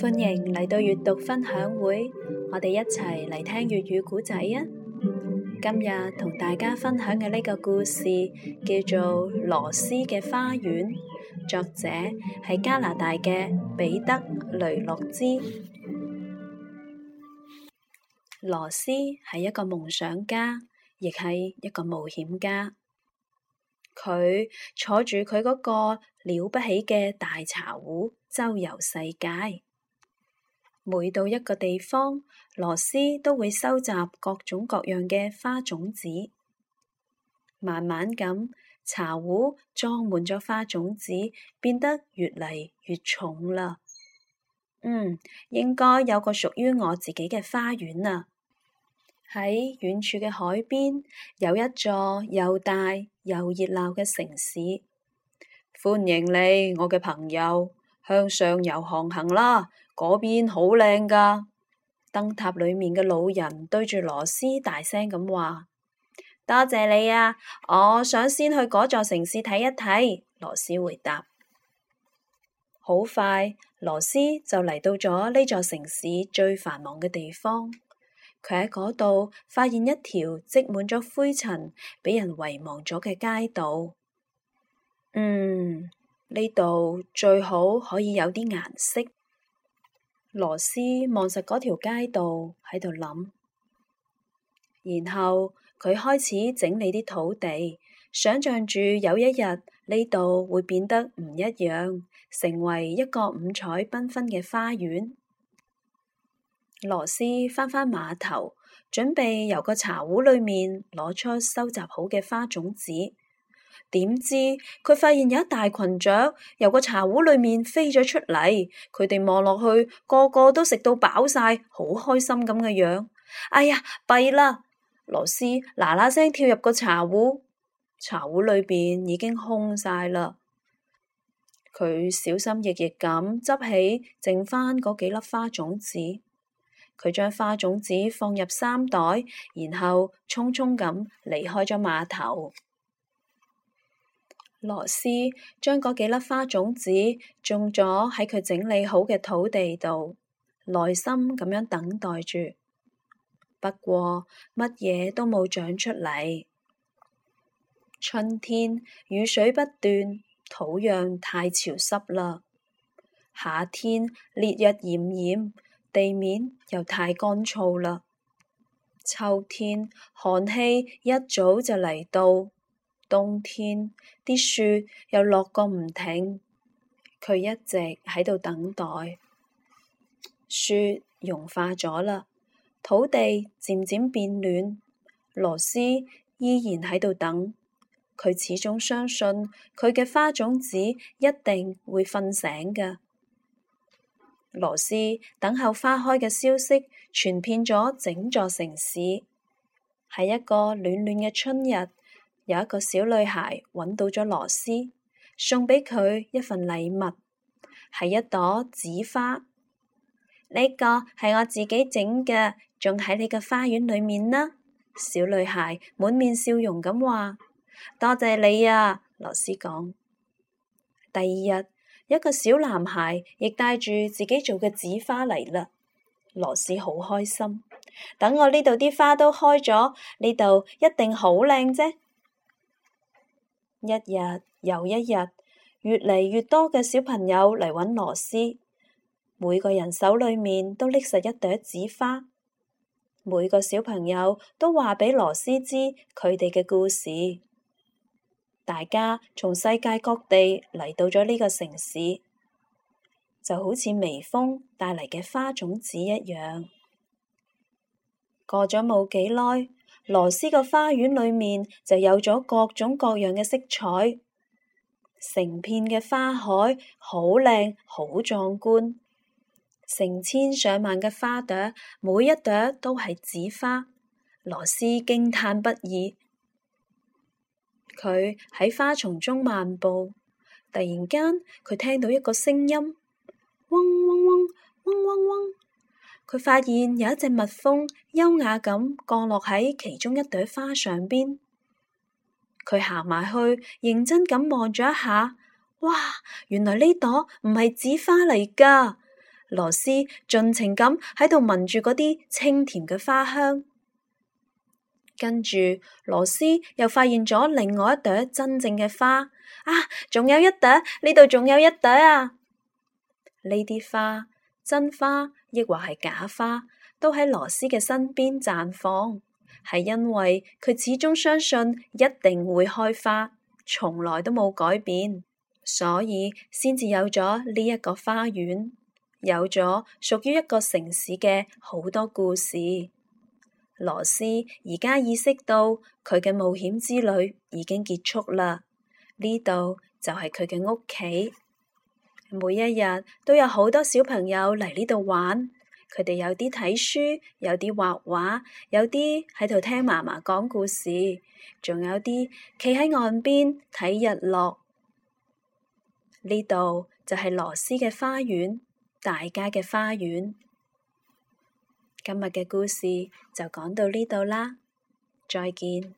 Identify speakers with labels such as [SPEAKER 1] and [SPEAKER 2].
[SPEAKER 1] 歡迎嚟到閱讀分享會，我哋一齊嚟聽粵語故仔啊！今日同大家分享嘅呢個故事叫做《羅斯嘅花園》，作者係加拿大嘅彼得雷洛茲。羅斯係一個夢想家，亦係一個冒險家。佢坐住佢嗰個了不起嘅大茶壺周遊世界，每到一個地方，羅絲都會收集各種各樣嘅花種子。慢慢咁，茶壺裝滿咗花種子，變得越嚟越重啦。嗯，應該有個屬於我自己嘅花園啦。喺遠處嘅海邊，有一座又大又熱鬧嘅城市，歡迎你，我嘅朋友，向上游航行啦！嗰邊好靚噶，燈塔裏面嘅老人對住羅斯大聲咁話：多謝你啊！我想先去嗰座城市睇一睇。羅斯回答。好快，羅斯就嚟到咗呢座城市最繁忙嘅地方。佢喺嗰度發現一條積滿咗灰塵、俾人遺忘咗嘅街道。嗯，呢度最好可以有啲顏色。羅斯望實嗰條街道喺度諗，然後佢開始整理啲土地，想象住有一日呢度會變得唔一樣，成為一個五彩繽紛嘅花園。羅斯返返碼頭，準備由個茶壺裏面攞出收集好嘅花種子。點知佢發現有一大群雀由個茶壺裏面飛咗出嚟，佢哋望落去，個個都食到飽晒，好開心咁嘅樣。哎呀，弊啦！羅絲嗱嗱聲跳入個茶壺，茶壺裏邊已經空晒啦。佢小心翼翼咁執起剩翻嗰幾粒花種子。佢將花種子放入三袋，然後匆匆咁離開咗碼頭。羅絲將嗰幾粒花種子種咗喺佢整理好嘅土地度，耐心咁樣等待住。不過乜嘢都冇長出嚟。春天雨水不斷，土壤太潮濕啦。夏天烈日炎炎，地面又太乾燥啦，秋天寒氣一早就嚟到，冬天啲雪又落個唔停，佢一直喺度等待。雪融化咗啦，土地漸漸變暖，羅絲依然喺度等，佢始終相信佢嘅花種子一定會瞓醒㗎。羅絲等候花開嘅消息，傳遍咗整座城市。喺一個暖暖嘅春日，有一個小女孩揾到咗羅絲，送俾佢一份禮物，係一朵紫花。呢個係我自己整嘅，仲喺你嘅花園裏面呢。小女孩滿面笑容咁話：多謝你啊！羅絲講。第二日。一個小男孩亦帶住自己做嘅紙花嚟嘞。羅絲好開心。等我呢度啲花都開咗，呢度一定好靚啫。一日又一日，越嚟越多嘅小朋友嚟搵羅絲，每個人手裏面都拎實一朵紙花，每個小朋友都話俾羅絲知佢哋嘅故事。大家從世界各地嚟到咗呢個城市，就好似微風帶嚟嘅花種子一樣。過咗冇幾耐，羅絲個花園裏面就有咗各種各樣嘅色彩，成片嘅花海好靚好壯觀，成千上萬嘅花朵，每一朵都係紫花。羅絲驚嘆不已。佢喺花叢中漫步，突然間佢聽到一個聲音，嗡嗡嗡嗡嗡嗡。佢發現有一隻蜜蜂優雅咁降落喺其中一朵花上邊。佢行埋去，認真咁望咗一下，哇！原來呢朵唔係紙花嚟噶。羅絲盡情咁喺度聞住嗰啲清甜嘅花香。跟住，羅斯又發現咗另外一朵真正嘅花。啊！仲有一朵，呢度仲有一朵啊！呢啲花，真花抑或係假花，都喺羅斯嘅身邊綻放，係因為佢始終相信一定會開花，從來都冇改變，所以先至有咗呢一個花園，有咗屬於一個城市嘅好多故事。羅斯而家意識到佢嘅冒險之旅已經結束啦。呢度就係佢嘅屋企，每一日都有好多小朋友嚟呢度玩。佢哋有啲睇書，有啲畫畫，有啲喺度聽媽媽講故事，仲有啲企喺岸邊睇日落。呢度就係羅斯嘅花園，大家嘅花園。今日嘅故事就講到呢度啦，再見。